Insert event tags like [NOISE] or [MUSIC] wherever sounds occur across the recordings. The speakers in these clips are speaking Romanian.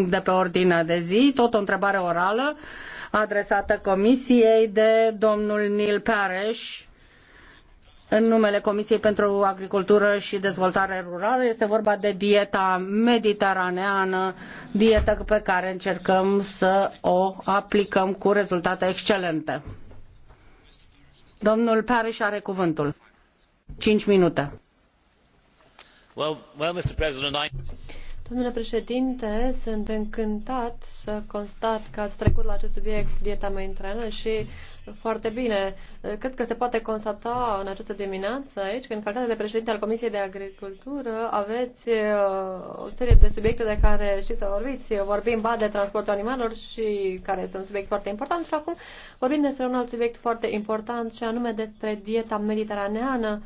punct de pe ordinea de zi, tot o întrebare orală adresată Comisiei de domnul Neil Parish în numele Comisiei pentru Agricultură și Dezvoltare Rurală. Este vorba de dieta mediteraneană, dieta pe care încercăm să o aplicăm cu rezultate excelente. Domnul Parish are cuvântul. Cinci minute. Well, well, Mr. President, I... Domnule președinte, sunt încântat să constat că ați trecut la acest subiect dieta mediterană și foarte bine. Cred că se poate constata în această dimineață aici că în calitate de președinte al Comisiei de Agricultură aveți uh, o serie de subiecte de care știți să vorbiți. Vorbim ba de transportul animalelor și care este un subiect foarte important și acum vorbim despre un alt subiect foarte important și anume despre dieta mediteraneană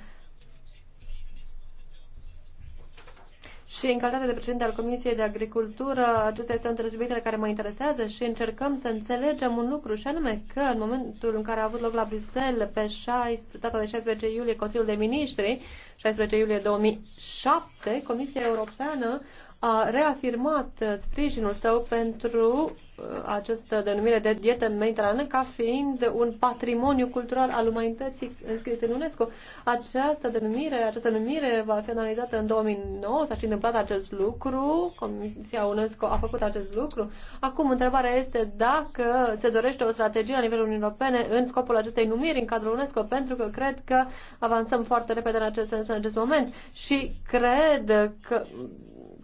și în calitate de președinte al Comisiei de Agricultură, acestea sunt un subiectele care mă interesează și încercăm să înțelegem un lucru, și anume că în momentul în care a avut loc la Bruxelles, pe 16, data de 16 iulie, Consiliul de Ministri, 16 iulie 2007, Comisia Europeană a reafirmat sprijinul său pentru uh, această denumire de dietă mediterană ca fiind un patrimoniu cultural al umanității înscris în UNESCO. Această denumire, această denumire va fi analizată în 2009, s-a și întâmplat acest lucru, Comisia UNESCO a făcut acest lucru. Acum, întrebarea este dacă se dorește o strategie la nivelul Uniunii Europene în scopul acestei numiri în cadrul UNESCO, pentru că cred că avansăm foarte repede în acest sens în acest moment și cred că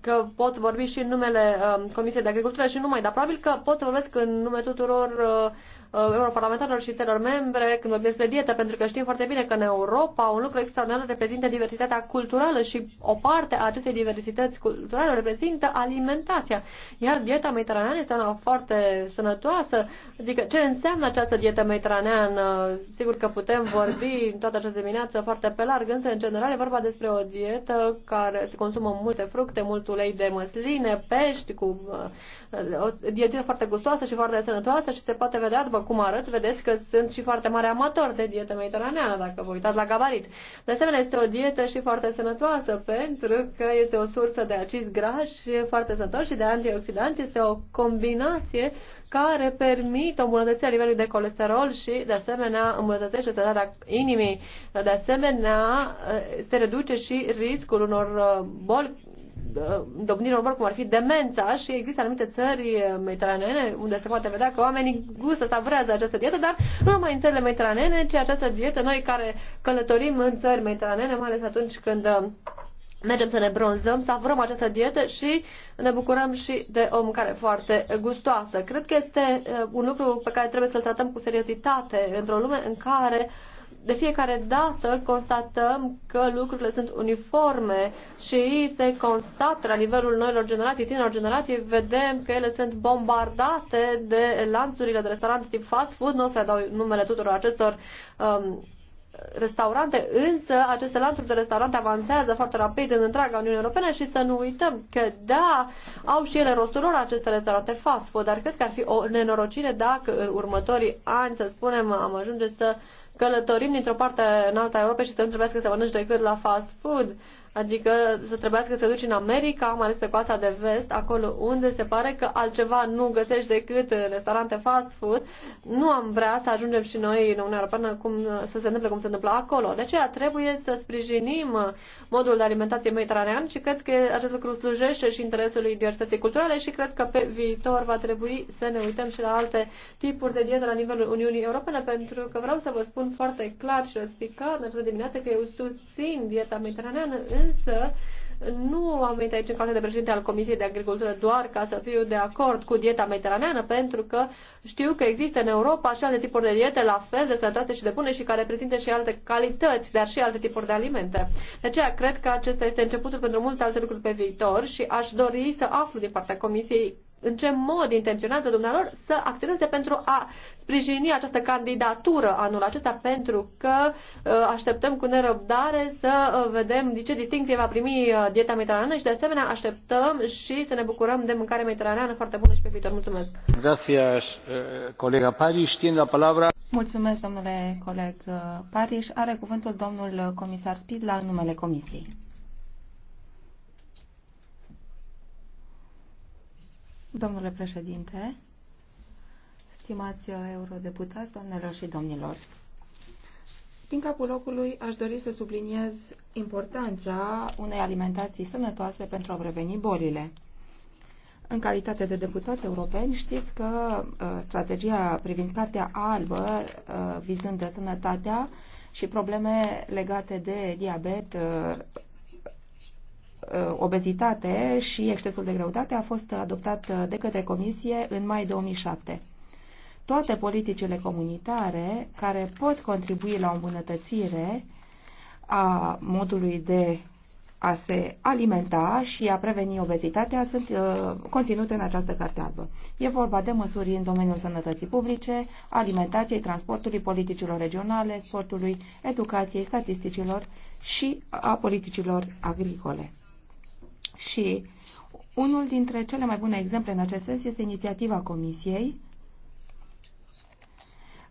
că pot vorbi și în numele um, Comisiei de Agricultură și numai, dar probabil că pot să vorbesc în nume tuturor uh, Uh, europarlamentarilor și țărilor membre când vorbim despre dietă, pentru că știm foarte bine că în Europa un lucru extraordinar reprezintă diversitatea culturală și o parte a acestei diversități culturale reprezintă alimentația. Iar dieta mediteraneană este una foarte sănătoasă. Adică ce înseamnă această dietă mediteraneană? Sigur că putem vorbi în toată această dimineață foarte pe larg, însă în general e vorba despre o dietă care se consumă multe fructe, mult ulei de măsline, pești, cu uh, o dietă foarte gustoasă și foarte sănătoasă și se poate vedea după cum arăt, vedeți că sunt și foarte mare amator de dietă mediteraneană, dacă vă uitați la gabarit. De asemenea, este o dietă și foarte sănătoasă, pentru că este o sursă de acizi grași foarte sănătos și de antioxidanți. Este o combinație care permit o îmbunătățire a nivelului de colesterol și, de asemenea, îmbunătățește sănătatea inimii. De asemenea, se reduce și riscul unor uh, boli dobândiri urbane, cum ar fi demența și există anumite țări eh, mediteranene unde se poate vedea că oamenii gustă, savurează această dietă, dar nu numai în țările mediteranene, ci această dietă, noi care călătorim în țări mediteranene, mai ales atunci când eh, mergem să ne bronzăm, să avurăm această dietă și ne bucurăm și de o mâncare foarte gustoasă. Cred că este eh, un lucru pe care trebuie să-l tratăm cu seriozitate într-o lume în care uh, de fiecare dată constatăm că lucrurile sunt uniforme și se constată la nivelul noilor generații, tinerilor generații, vedem că ele sunt bombardate de lanțurile de restaurante tip fast food, nu o să dau numele tuturor acestor um, restaurante, însă aceste lanțuri de restaurante avansează foarte rapid în întreaga Uniune Europeană și să nu uităm că da, au și ele rostul lor aceste restaurante fast food, dar cred că ar fi o nenorocire dacă în următorii ani, să spunem, am ajunge să uh, călătorim dintr-o parte în alta Europei și să nu trebuiască să mănânci decât la fast food adică să trebuiască să duci în America, mai ales pe coasta de vest, acolo unde se pare că altceva nu găsești decât restaurante fast food, nu am vrea să ajungem și noi în Uniunea Europeană cum, să se întâmple cum se întâmplă acolo. De aceea trebuie să sprijinim modul de alimentație mediteranean și cred că acest lucru slujește și interesului diversității culturale și cred că pe viitor va trebui să ne uităm și la alte tipuri de diete la nivelul Uniunii Europene, pentru că vreau să vă spun foarte clar și răspicat în această dimineață că eu susțin dieta mediteraneană însă nu am venit aici în calitate de președinte al Comisiei de Agricultură doar ca să fiu de acord cu dieta mediteraneană, pentru că știu că există în Europa și alte tipuri de diete la fel de sănătoase și de bune și care prezintă și alte calități, dar și alte tipuri de alimente. De aceea cred că acesta este începutul pentru multe alte lucruri pe viitor și aș dori să aflu din partea Comisiei în ce mod intenționează dumnealor să acționeze pentru a sprijini această candidatură anul acesta, pentru că uh, așteptăm cu nerăbdare să uh, vedem de ce distinție va primi uh, dieta mediteraneană și de asemenea așteptăm și să ne bucurăm de mâncare mediteraneană foarte bună și pe viitor. Mulțumesc! Gracias, colega Paris. la palabra. Mulțumesc, domnule coleg Paris. Are cuvântul domnul comisar Spidla în numele Comisiei. Domnule președinte, stimați eurodeputați, doamnelor și domnilor, din capul locului aș dori să subliniez importanța unei alimentații sănătoase pentru a preveni bolile. În calitate de deputați europeni, știți că uh, strategia privind cartea albă, uh, vizând sănătatea și probleme legate de diabet, uh, Uh, obezitate și excesul de greutate a fost adoptat uh, de către Comisie în mai 2007. Toate politicile comunitare care pot contribui la o îmbunătățire a modului de a se alimenta și a preveni obezitatea sunt uh, conținute în această carte albă. E vorba de măsuri în domeniul sănătății publice, alimentației, transportului, politicilor regionale, sportului, educației, statisticilor și a politicilor agricole. Și unul dintre cele mai bune exemple în acest sens este inițiativa Comisiei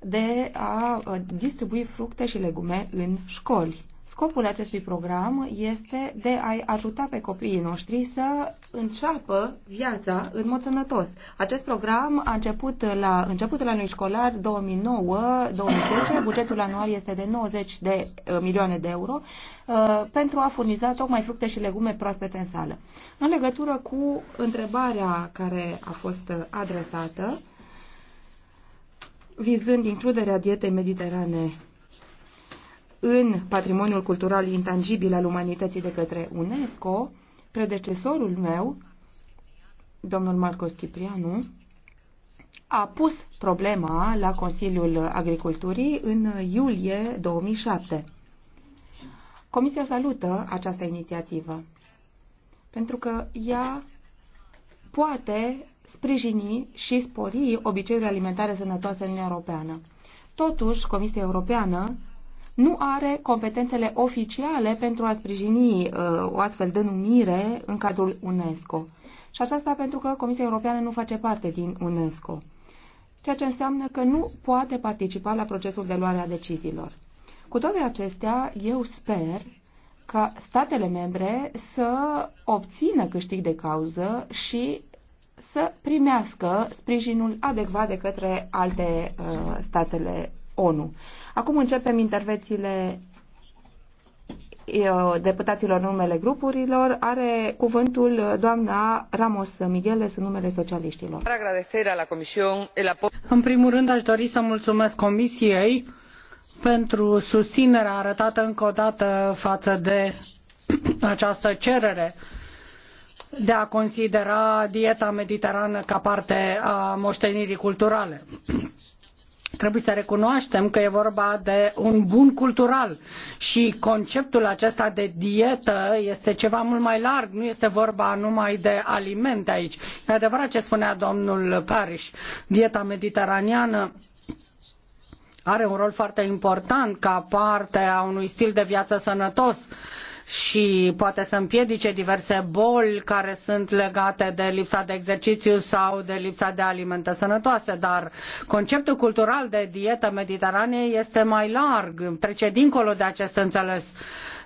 de a uh, distribui fructe și legume în școli. Scopul acestui program este de a ajuta pe copiii noștri să înceapă viața în mod sănătos. Acest program a început la începutul anului școlar 2009-2010. Bugetul anual este de 90 de uh, milioane de euro uh, pentru a furniza tocmai fructe și legume proaspete în sală. În legătură cu întrebarea care a fost adresată, vizând includerea dietei mediterane în patrimoniul cultural intangibil al umanității de către UNESCO, predecesorul meu, domnul Marcos Ciprianu, a pus problema la Consiliul Agriculturii în iulie 2007. Comisia salută această inițiativă pentru că ea poate sprijini și spori obiceiurile alimentare sănătoase în Uniunea Europeană. Totuși, Comisia Europeană nu are competențele oficiale pentru a sprijini uh, o astfel de numire în cadrul UNESCO. Și aceasta pentru că Comisia Europeană nu face parte din UNESCO, ceea ce înseamnă că nu poate participa la procesul de luare a deciziilor. Cu toate acestea, eu sper ca statele membre să obțină câștig de cauză și să primească sprijinul adecvat de către alte uh, statele ONU. Acum începem intervențiile deputaților numele grupurilor. Are cuvântul doamna Ramos Migueles în numele socialiștilor. În primul rând aș dori să mulțumesc Comisiei pentru susținerea arătată încă o dată față de [CLEARS THROAT] această cerere de a considera dieta mediterană ca parte a moștenirii culturale. Trebuie să recunoaștem că e vorba de un bun cultural și conceptul acesta de dietă este ceva mult mai larg, nu este vorba numai de alimente aici. E adevărat ce spunea domnul Parish, dieta mediteraneană are un rol foarte important ca parte a unui stil de viață sănătos. Uh, și poate să împiedice diverse boli care sunt legate de lipsa de exercițiu sau de lipsa de alimente sănătoase, dar conceptul cultural de dietă mediteranei este mai larg, trece dincolo de acest înțeles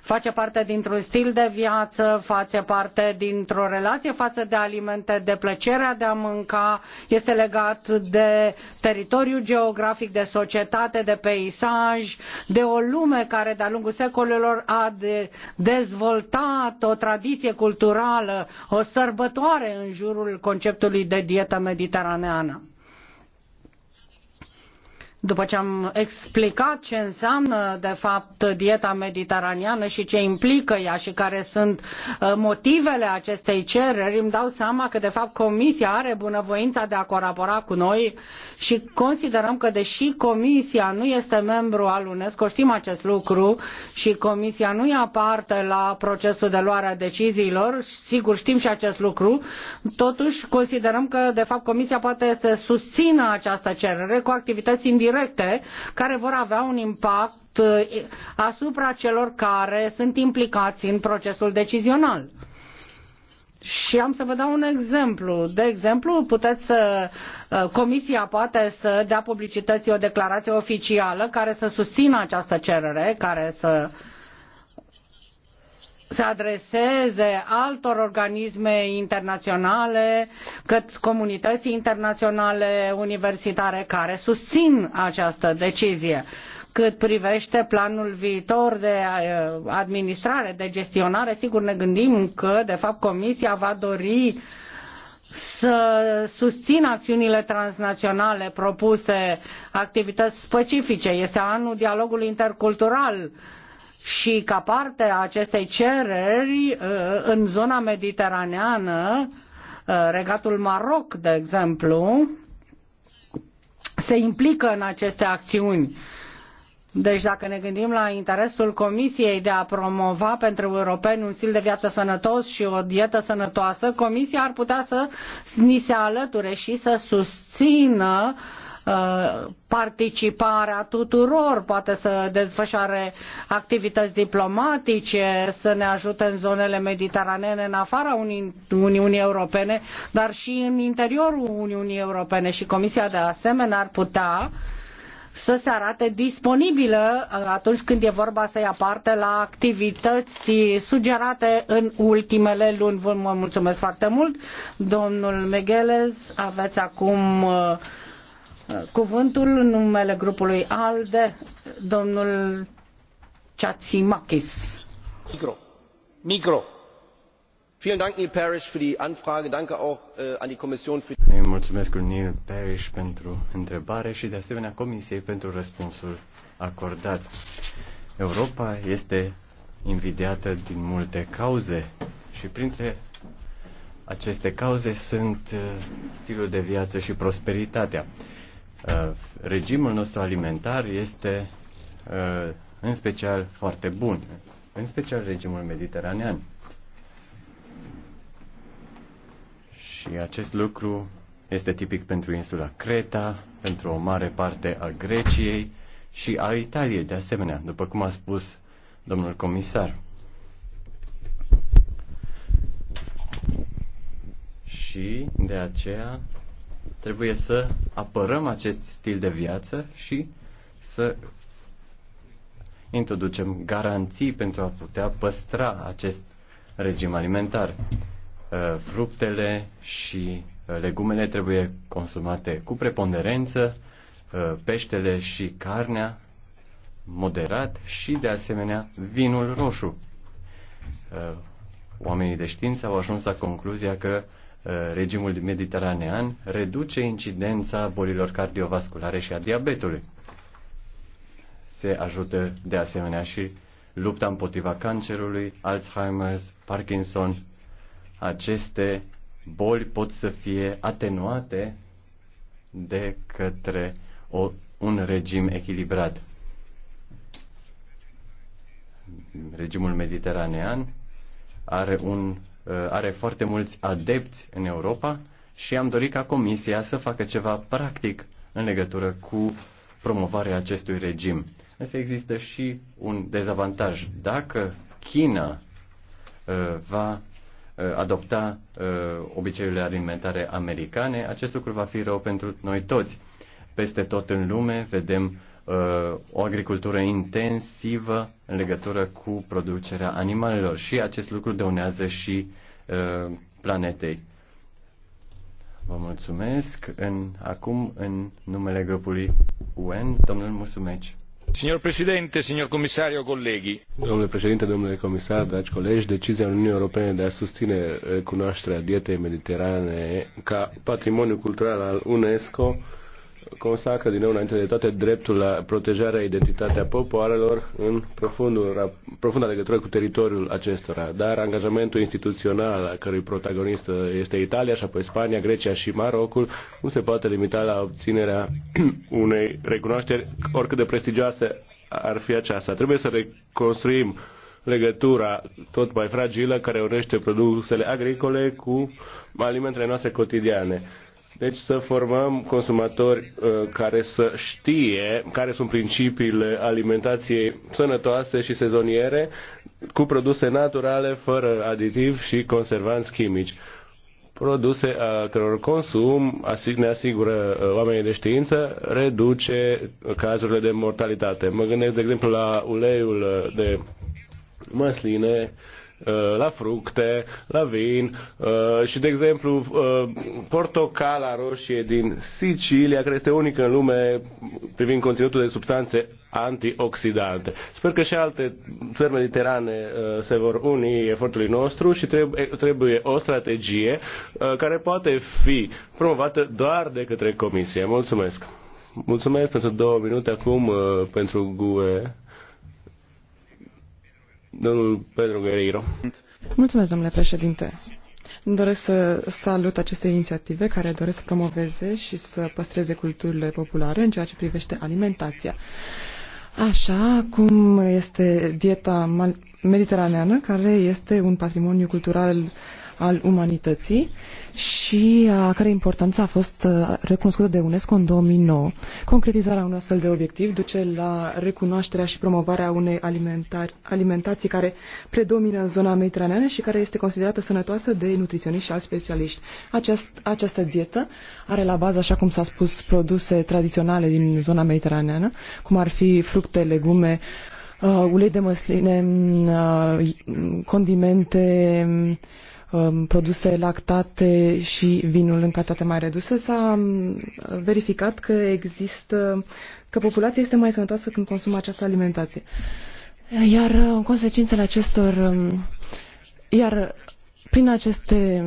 face parte dintr-un stil de viață, face parte dintr-o relație față de alimente, de plăcerea de a mânca, este legat de teritoriu geografic, de societate, de peisaj, de o lume care de-a lungul secolelor a dezvoltat o tradiție culturală, o sărbătoare în jurul conceptului de dietă mediteraneană după ce am explicat ce înseamnă de fapt dieta mediteraneană și ce implică ea și care sunt uh, motivele acestei cereri, îmi dau seama că de fapt Comisia are bunăvoința de a colabora cu noi și considerăm că deși Comisia nu este membru al UNESCO, știm acest lucru și Comisia nu ia parte la procesul de luare a deciziilor, sigur știm și acest lucru, totuși considerăm că de fapt Comisia poate să susțină această cerere cu activități indirecte directe care vor avea un impact asupra celor care sunt implicați în procesul decizional. Și am să vă dau un exemplu. De exemplu, puteți să, comisia poate să dea publicității o declarație oficială care să susțină această cerere, care să uh, se adreseze altor organisme internaționale, cât comunității internaționale universitare care susțin această decizie cât privește planul viitor de eh, administrare, de gestionare, sigur ne gândim că, de fapt, Comisia va dori să susțină acțiunile transnaționale propuse, activități specifice. Este anul dialogului intercultural și ca parte a acestei cereri uh, în zona mediteraneană, uh, regatul Maroc, de exemplu, se implică în aceste acțiuni. Deci dacă ne gândim la interesul Comisiei de a promova pentru europeni un stil de viață sănătos și o dietă sănătoasă, Comisia ar putea să ni se alăture și să susțină uh, Uh, participarea tuturor, poate să desfășoare activități diplomatice, să ne ajute în zonele mediteranene, în afara Uniunii Europene, dar și în interiorul Uniunii Europene. Și Comisia de asemenea ar putea să se arate disponibilă uh, atunci când e vorba să ia parte la activități sugerate în ultimele luni. Vă mulțumesc foarte mult, domnul Megheles. Aveți acum uh, cuvântul în numele grupului ALDE, domnul Chatsimakis. Micro. Micro. Vielen Dank, Neil Parrish, für die Anfrage. Danke auch äh, an die Kommission für die... Mulțumesc lui Neil Parish pentru întrebare și de asemenea Comisiei pentru răspunsul acordat. Europa este invidiată din multe cauze și printre aceste cauze sunt uh, stilul de viață și prosperitatea. Uh, regimul nostru alimentar este uh, în special foarte bun, în special regimul mediteranean. Și acest lucru este tipic pentru insula Creta, pentru o mare parte a Greciei și a Italiei de asemenea, după cum a spus domnul comisar. Și de aceea Trebuie să apărăm acest stil de viață și să introducem garanții pentru a putea păstra acest regim alimentar. Uh, fructele și uh, legumele trebuie consumate cu preponderență, uh, peștele și carnea moderat și, de asemenea, vinul roșu. Oamenii de știință au ajuns la concluzia că Uh, regimul mediteranean reduce incidența bolilor cardiovasculare și a diabetului. Se ajută de asemenea și lupta împotriva cancerului, Alzheimer's, Parkinson. Aceste boli pot să fie atenuate de către o, un regim echilibrat. Regimul mediteranean are un Uh, are foarte mulți adepți în Europa și am dorit ca Comisia să facă ceva practic în legătură cu promovarea acestui regim. Însă există și un dezavantaj. Dacă China uh, va uh, adopta obiceiurile alimentare americane, acest lucru va fi rău pentru noi toți. Peste tot în lume vedem uh, Uh, o agricultură intensivă în legătură cu producerea animalelor și acest lucru dăunează și uh, planetei. Vă mulțumesc. În, acum, în numele grupului UN, domnul Musumeci. Signor Presidente, signor Comisario, colleghi. Domnule Președinte, domnule Comisar, dragi colegi, decizia Uniunii Europene de a susține recunoașterea dietei mediterane ca patrimoniu cultural al UNESCO consacră din nou înainte de toate dreptul la protejarea identitatea popoarelor în profundul, profunda legătură cu teritoriul acestora. Dar angajamentul instituțional a cărui protagonist este Italia și apoi Spania, Grecia și Marocul nu se poate limita la obținerea [CLEARS THROAT] unei recunoașteri oricât de prestigioase ar fi aceasta. Trebuie să reconstruim legătura tot mai fragilă care unește produsele agricole cu alimentele noastre cotidiane deci să formăm consumatori uh, care să știe care sunt principiile alimentației sănătoase și sezoniere cu produse naturale, fără aditiv și conservanți chimici produse a căror consum ne asigură uh, oamenii de știință, reduce cazurile de mortalitate. Mă gândesc, de exemplu, la uleiul uh, de măsline, Uh, la fructe, la vin uh, și, de exemplu, uh, portocala roșie din Sicilia, care este unică în lume privind conținutul de substanțe antioxidante. Sper că și alte țări mediterane se vor uni efortului nostru și trebuie o strategie care poate fi promovată doar de către Comisie. Mulțumesc! Mulțumesc pentru două minute acum pentru GUE. Pedro Mulțumesc, domnule președinte. doresc să salut aceste inițiative care doresc să promoveze și să păstreze culturile populare în ceea ce privește alimentația. Așa cum este dieta mediteraneană, care este un patrimoniu cultural al umanității și a care importanță a fost recunoscută de UNESCO în 2009. Concretizarea unui astfel de obiectiv duce la recunoașterea și promovarea unei alimentații care predomină în zona mediteraneană și care este considerată sănătoasă de nutriționiști și alți specialiști. Aceast, această dietă are la bază, așa cum s-a spus, produse tradiționale din zona mediteraneană, cum ar fi fructe, legume, uh, ulei de măsline, uh, condimente, Um, produse lactate și vinul în cantitate mai redusă, s-a um, verificat că există, că populația este mai sănătoasă când consumă această alimentație. Iar uh, consecințele acestor, um, iar prin aceste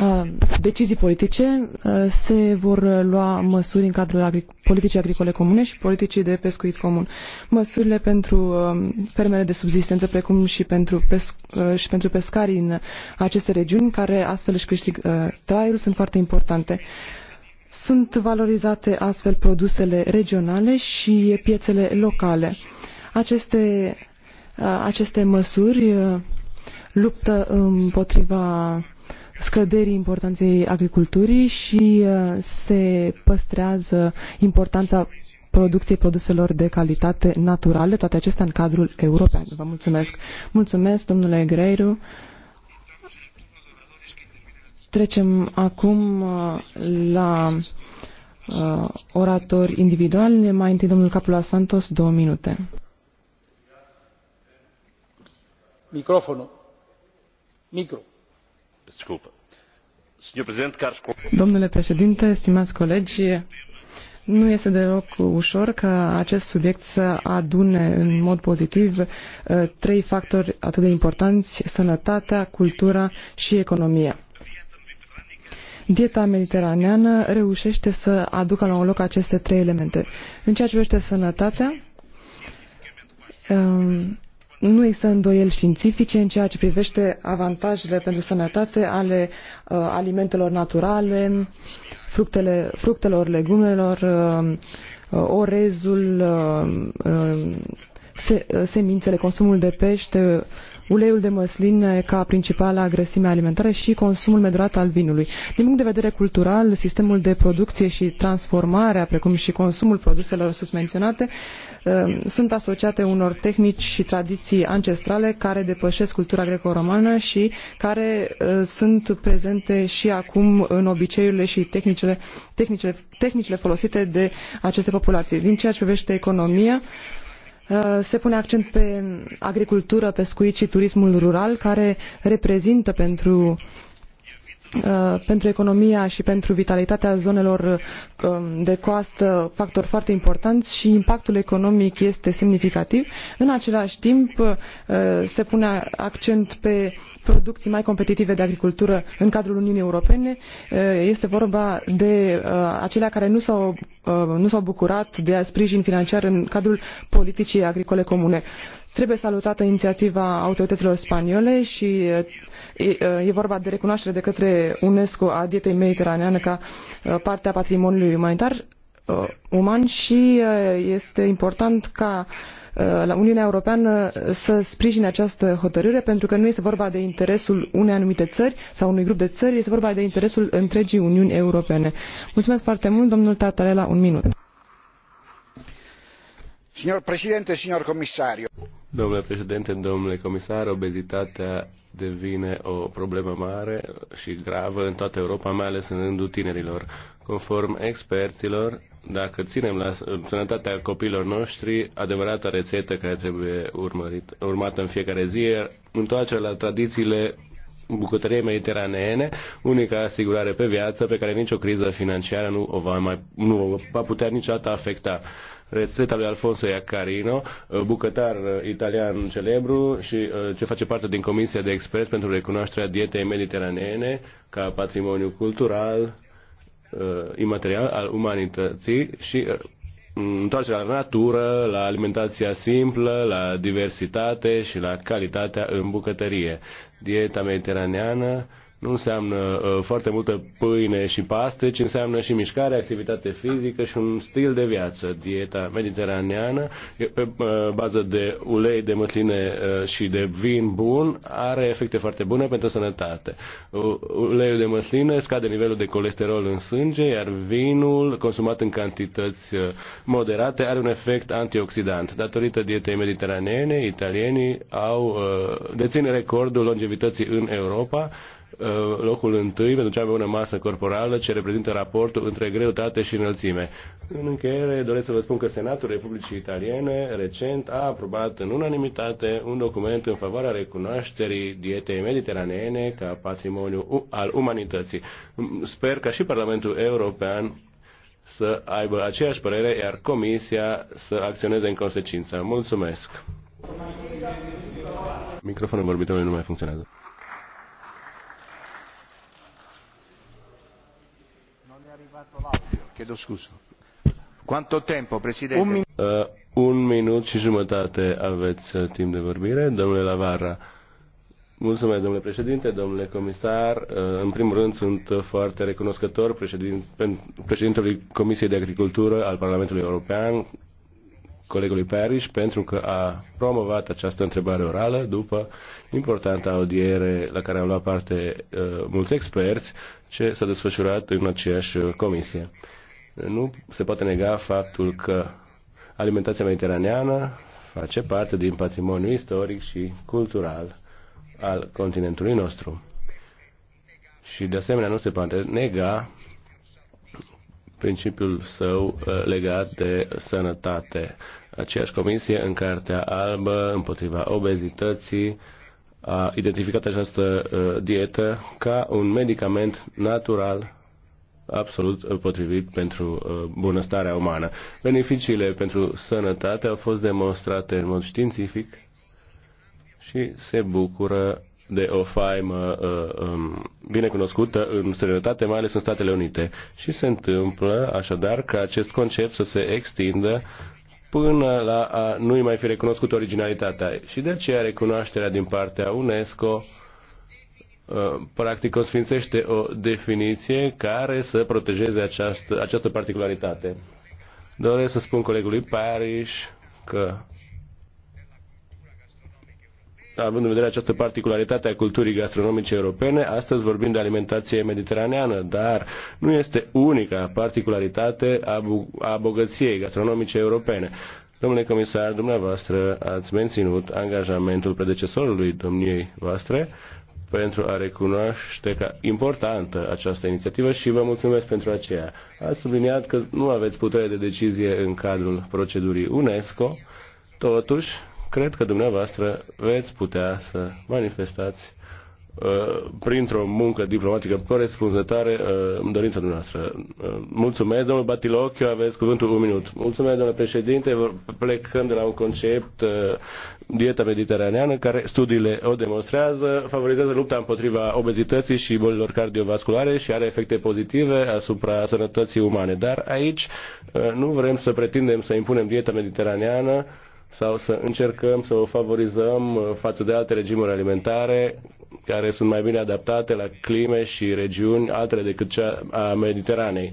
Uh, decizii politice, uh, se vor lua măsuri în cadrul agric politicii agricole comune și politicii de pescuit comun. Măsurile pentru uh, fermele de subsistență, precum și pentru, pesc- și pentru pescarii în aceste regiuni, care astfel își câștig traiul, sunt foarte importante. Sunt valorizate astfel produsele regionale și piețele locale. Aceste, aceste măsuri luptă împotriva scăderii importanței agriculturii și uh, se păstrează importanța producției produselor de calitate naturale, toate acestea în cadrul european. Vă mulțumesc. Mulțumesc, domnule Greiru. Trecem acum uh, la uh, oratori individuali. Mai întâi domnul Capula Santos, două minute. Microfonul. Micro. Domnule președinte, stimați colegi, nu este deloc ușor ca acest subiect să adune în mod pozitiv uh, trei factori atât de importanți, sănătatea, cultura și economia. Dieta mediteraneană reușește să aducă la un loc aceste trei elemente. În ceea ce privește sănătatea, um, nu există îndoieli științifice în ceea ce privește avantajele pentru sănătate ale uh, alimentelor naturale, fructele, fructelor, legumelor, uh, orezul, uh, uh se, uh, semințele, consumul de pește, uleiul de măsline ca principala grăsime alimentară și consumul medurat al vinului. Din punct de vedere cultural, sistemul de producție și transformare, precum și consumul produselor susmenționate, Ehm, sunt asociate unor tehnici și tradiții ancestrale care depășesc cultura greco-romană și care ehm, sunt prezente și acum în obiceiurile și tehnicile, tehnicile, tehnicile folosite de aceste populații. Din ceea ce privește economia, ehm, se pune accent pe agricultură, pescuit și turismul rural, care reprezintă pentru Uh, pentru economia și pentru vitalitatea zonelor um, de coastă factori foarte important și impactul economic este semnificativ. În același timp uh, se pune accent pe producții mai competitive de agricultură în cadrul Uniunii Europene. Uh, este vorba de acelea care nu s-au, nu s-au bucurat de sprijin financiar în cadrul politicii agricole comune. Trebuie salutată inițiativa autorităților spaniole și E, vorba de recunoaștere de către UNESCO a dietei mediteraneană ca parte a patrimoniului umanitar uman și este important ca la Uniunea Europeană să sprijine această hotărâre pentru că nu este vorba de interesul unei anumite țări sau unui grup de țări, este vorba de interesul întregii Uniuni Europene. Mulțumesc foarte mult, domnul Tatarela, un minut. Signor Presidente, signor Domnule președinte, domnule comisar, obezitatea devine o problemă mare și gravă în toată Europa, mai ales în rândul tinerilor. Conform experților, dacă ținem la sănătatea copiilor noștri, adevărata rețetă care trebuie urmărit, urmată în fiecare zi, întoarcerea la tradițiile bucătăriei mediteraneene, unica asigurare pe viață pe care nicio criză financiară nu o va, mai, nu o va putea niciodată afecta rețeta lui Alfonso Iacarino, uh, bucătar uh, italian celebru și uh, ce face parte din Comisia de Experți pentru recunoașterea dietei mediteraneene ca patrimoniu cultural, imaterial al umanității și întoarcerea la natură, la alimentația simplă, la diversitate și la calitatea în bucătărie. Dieta mediteraneană nu înseamnă uh, foarte multă pâine și paste, ci înseamnă și mișcare, activitate fizică și un stil de viață. Dieta mediteraneană, pe uh, bază de ulei, de măsline uh, și de vin bun, are efecte foarte bune pentru sănătate. Uh, uleiul de măsline scade nivelul de colesterol în sânge, iar vinul, consumat în cantități uh, moderate, are un efect antioxidant. Datorită dietei mediteraneene, italienii au, uh, dețin recordul longevității în Europa, Uh, locul întâi pentru cea mai bună masă corporală ce reprezintă raportul între greutate și înălțime. În încheiere doresc să vă spun că Senatul Republicii Italiene recent a aprobat în unanimitate un document în favoarea recunoașterii dietei mediteraneene ca patrimoniu al umanității. Mm, sper ca și Parlamentul European să aibă aceeași părere, iar Comisia să acționeze în consecință. Mulțumesc! Microfonul vorbitorului nu mai funcționează. Non è arrivato l'audio, chiedo scusa. Quanto tempo, Presidente? Un, min- uh, un minut și jumătate aveți eh, timp de vorbire, domnule Lavarra. Mulțumesc, domnule președinte, domnule comisar. Eh, în primul rând, sunt foarte recunoscător președin, președintelui Comisiei de Agricultură al Parlamentului European, colegului Parish pentru că a promovat această întrebare orală după importanta audiere la care au luat parte uh, mulți experți ce s-a desfășurat în aceeași uh, comisie. Nu se poate nega faptul că alimentația mediteraneană face parte din patrimoniul istoric și cultural al continentului nostru. Și de asemenea nu se poate nega principiul său uh, legat de sănătate. Aceeași comisie în Cartea Albă împotriva obezității a identificat această uh, dietă ca un medicament natural absolut potrivit pentru uh, bunăstarea umană. Beneficiile pentru sănătate au fost demonstrate în mod științific și se bucură de o faimă uh, um, binecunoscută în străinătate, mai ales în Statele Unite. Și se întâmplă așadar ca acest concept să se extindă până la a nu-i mai fi recunoscut originalitatea. Și de aceea recunoașterea din partea UNESCO uh, practic consfințește o definiție care să protejeze această, această particularitate. Doresc să spun colegului Parish că având în vedere această particularitate a culturii gastronomice europene, astăzi vorbim de alimentație mediteraneană, dar nu este unica particularitate a bogăției gastronomice europene. Domnule comisar, dumneavoastră ați menținut angajamentul predecesorului domniei voastre pentru a recunoaște ca importantă această inițiativă și vă mulțumesc pentru aceea. Ați subliniat că nu aveți putere de decizie în cadrul procedurii UNESCO, totuși cred că dumneavoastră veți putea să manifestați uh, printr-o muncă diplomatică corespunzătoare uh, în dorința dumneavoastră. Uh, mulțumesc, domnul Batilochiu, aveți cuvântul un minut. Mulțumesc, domnule președinte, plecând de la un concept, dieta mediteraneană, care studiile o demonstrează, favorizează lupta împotriva obezității și bolilor cardiovasculare și are efecte pozitive asupra sănătății umane. Dar aici nu vrem să pretindem să impunem dieta mediteraneană, sau să încercăm să o favorizăm uh, față de alte regimuri alimentare care sunt mai bine adaptate la clime și regiuni altele decât cea a Mediteranei.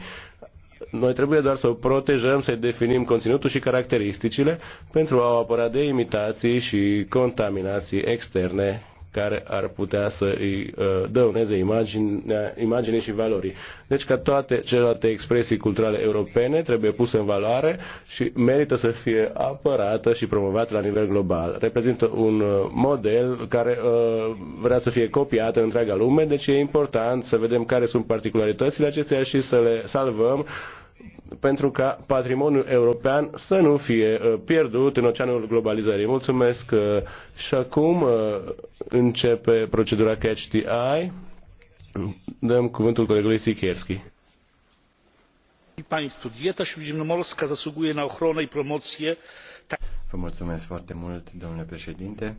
Noi trebuie doar să o protejăm, să definim conținutul și caracteristicile pentru a o apăra de imitații și contaminații externe care ar putea să îi uh, dăuneze imaginea, imagine și valorii. Deci ca toate celelalte expresii culturale europene trebuie puse în valoare și merită să fie apărată și promovată la nivel global. Reprezintă un uh, model care uh, vrea să fie copiat în întreaga lume, deci e important să vedem care sunt particularitățile acesteia și să le salvăm pentru ca patrimoniul european să nu fie uh, pierdut în oceanul globalizării. Mulțumesc uh, și acum uh, începe procedura Catch the Eye. Dăm cuvântul colegului Sikierski. Państwu, dieta śródziemnomorska zasługuje na ochronę i promocję. Vă mulțumesc foarte mult, domnule președinte.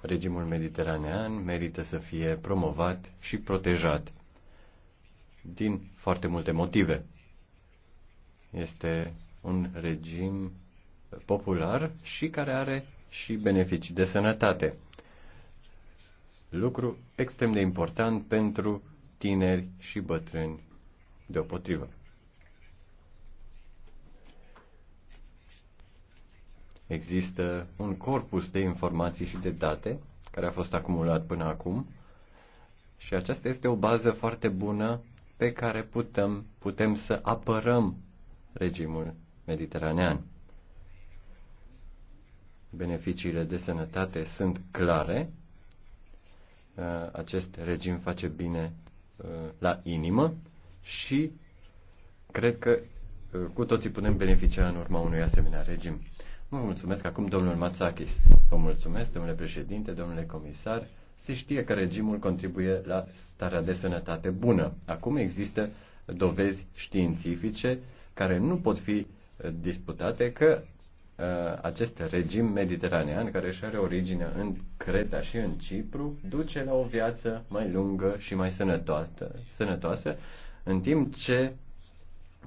Regimul mediteranean merită să fie promovat și protejat din foarte multe motive. Este un regim popular și care are și beneficii de sănătate. Lucru extrem de important pentru tineri și bătrâni deopotrivă. Există un corpus de informații și de date care a fost acumulat până acum și aceasta este o bază foarte bună pe care putem, putem să apărăm regimul mediteranean. Beneficiile de sănătate sunt clare. Uh, acest regim face bine uh, la inimă și cred că uh, cu toții putem beneficia în urma unui asemenea regim. Vă mulțumesc acum, domnul Matsakis. Vă mulțumesc, domnule președinte, domnule comisar. Se știe că regimul contribuie la starea de sănătate bună. Acum există dovezi științifice care nu pot fi eh, disputate că eh, acest regim mediteranean, care își are originea în Creta și în Cipru, duce la o viață mai lungă și mai sănătoasă, sănătoasă în timp ce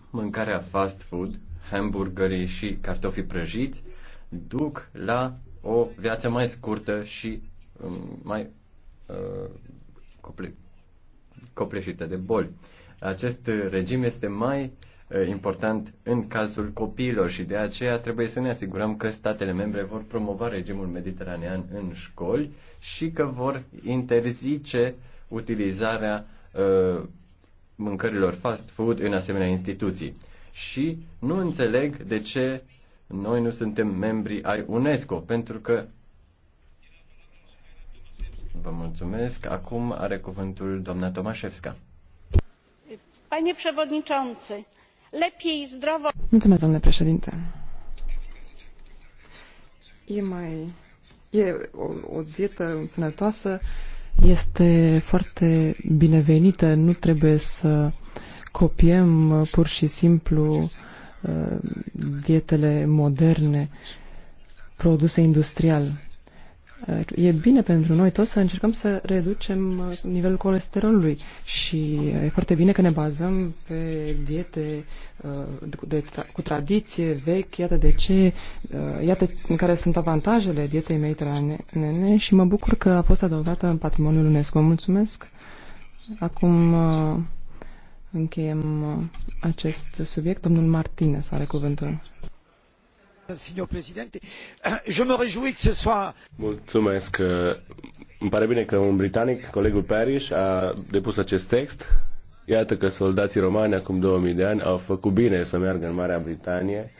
mâncarea fast food, hamburgerii și cartofii prăjiți duc la o viață mai scurtă și mm, mai uh, eh, cople- copleșită de boli. Acest regim este mai uh, important în cazul copiilor și de aceea trebuie să ne asigurăm că statele membre vor promova regimul mediteranean în școli și că vor interzice utilizarea mâncărilor fast food în asemenea instituții. Și nu înțeleg de ce noi nu suntem membri ai UNESCO, pentru că Vă mulțumesc. Acum are cuvântul doamna Tomașevska. Panie przewodniczący, lepiej zdrowo. Mulțumesc, domnule președinte. E mai... E o, o dietă sănătoasă este foarte binevenită. Nu trebuie să copiem pur și simplu uh, dietele moderne produse industrial. E bine pentru noi toți să încercăm să reducem uh, nivelul colesterolului și uh, e foarte bine că ne bazăm pe diete uh, de, cu tradiție vechi, iată de ce, iată în care sunt avantajele dietei mediterane și mă bucur că a fost adăugată în patrimoniul UNESCO. Mulțumesc! Acum încheiem acest subiect. Domnul Martinez are cuvântul. [CLEARS THROAT] Mulțumesc. Îmi pare bine că un britanic, colegul Parrish, a depus acest text. Iată că soldații romani acum 2000 de ani au făcut bine să meargă în Marea Britanie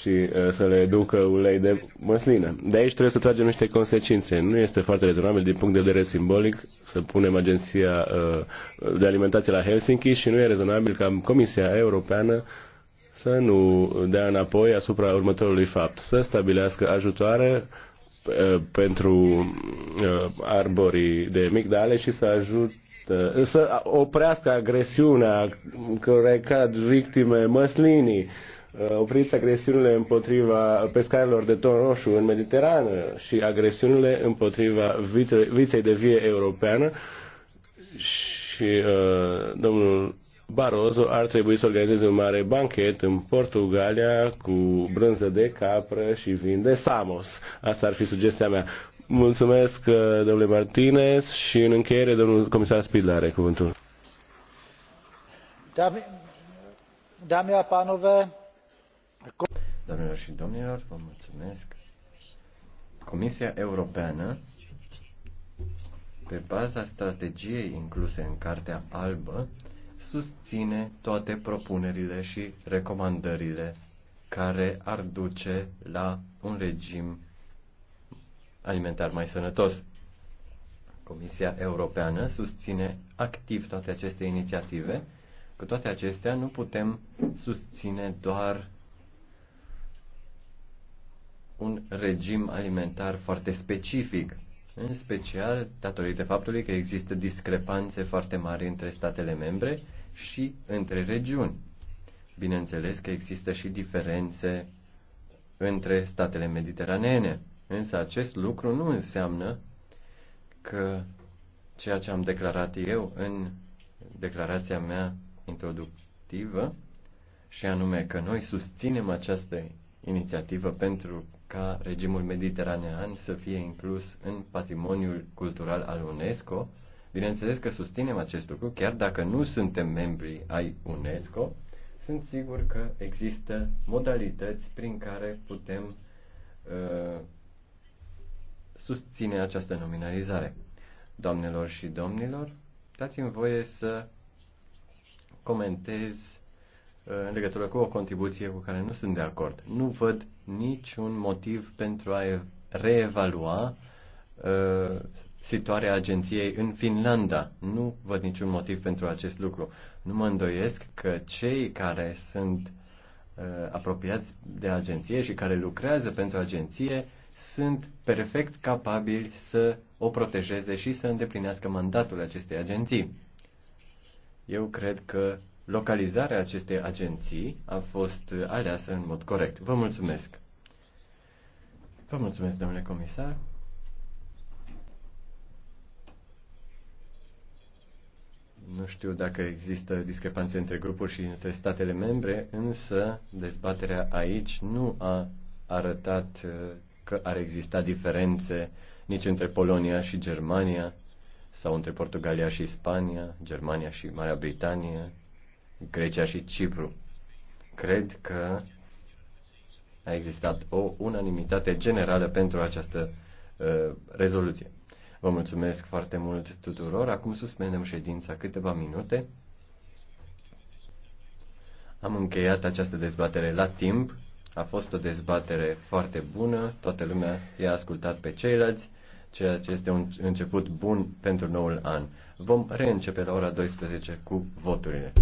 și uh, să le ducă ulei de măslină. De aici trebuie să tragem niște consecințe. Nu este foarte rezonabil din punct de vedere simbolic să punem agenția uh, de alimentație la Helsinki și nu e rezonabil ca Comisia Europeană să nu dea înapoi asupra următorului fapt, să stabilească ajutoare uh, pentru uh, arborii de migdale și să ajut uh, să oprească agresiunea care cad victime măslinii, opriți agresiunile împotriva pescarilor de ton roșu în Mediterană și agresiunile împotriva viței de vie europeană și uh, domnul Barroso ar trebui să organizeze un mare banchet în Portugalia cu brânză de capră și vin de Samos. Asta ar fi sugestia mea. Mulțumesc, uh, domnule Martinez, și în încheiere, domnul comisar Spidla are cuvântul. Dame, a panove... Domnilor și domnilor, vă mulțumesc. Comisia Europeană, pe baza strategiei incluse în Cartea Albă, susține toate propunerile și recomandările care ar duce la un regim alimentar mai sănătos. Comisia Europeană susține activ toate aceste inițiative. Cu toate acestea, nu putem susține doar un regim alimentar foarte specific în special datorită faptului că există discrepanțe foarte mari între statele membre și între regiuni. Bineînțeles că există și diferențe între statele mediteraneene, însă acest lucru nu înseamnă că ceea ce am declarat eu în declarația mea introductivă, și anume că noi susținem această inițiativă pentru ca regimul mediteranean să fie inclus în patrimoniul cultural al UNESCO. Bineînțeles că susținem acest lucru, chiar dacă nu suntem membri ai UNESCO, sunt sigur că există modalități prin care putem uh, susține această nominalizare. Doamnelor și domnilor, dați-mi voie să comentez uh, în legătură cu o contribuție cu care nu sunt de acord. Nu văd niciun motiv pentru a reevalua uh, situarea agenției în Finlanda. Nu văd niciun motiv pentru acest lucru. Nu mă îndoiesc că cei care sunt uh, apropiați de agenție și care lucrează pentru agenție sunt perfect capabili să o protejeze și să îndeplinească mandatul acestei agenții. Eu cred că localizarea acestei agenții a fost aleasă în mod corect. Vă mulțumesc! Vă mulțumesc, domnule comisar. Nu știu dacă există discrepanțe între grupuri și între statele membre, însă dezbaterea aici nu a arătat uh, că ar exista diferențe nici între Polonia și Germania sau între Portugalia și Spania, Germania și Marea Britanie, Grecia și Cipru. Cred că a existat o unanimitate generală pentru această uh, rezoluție. Vă mulțumesc foarte mult tuturor. Acum suspendăm ședința câteva minute. Am încheiat această dezbatere la timp. A fost o dezbatere foarte bună. Toată lumea i-a ascultat pe ceilalți, ceea ce este un început bun pentru noul an. Vom reîncepe la ora 12 cu voturile.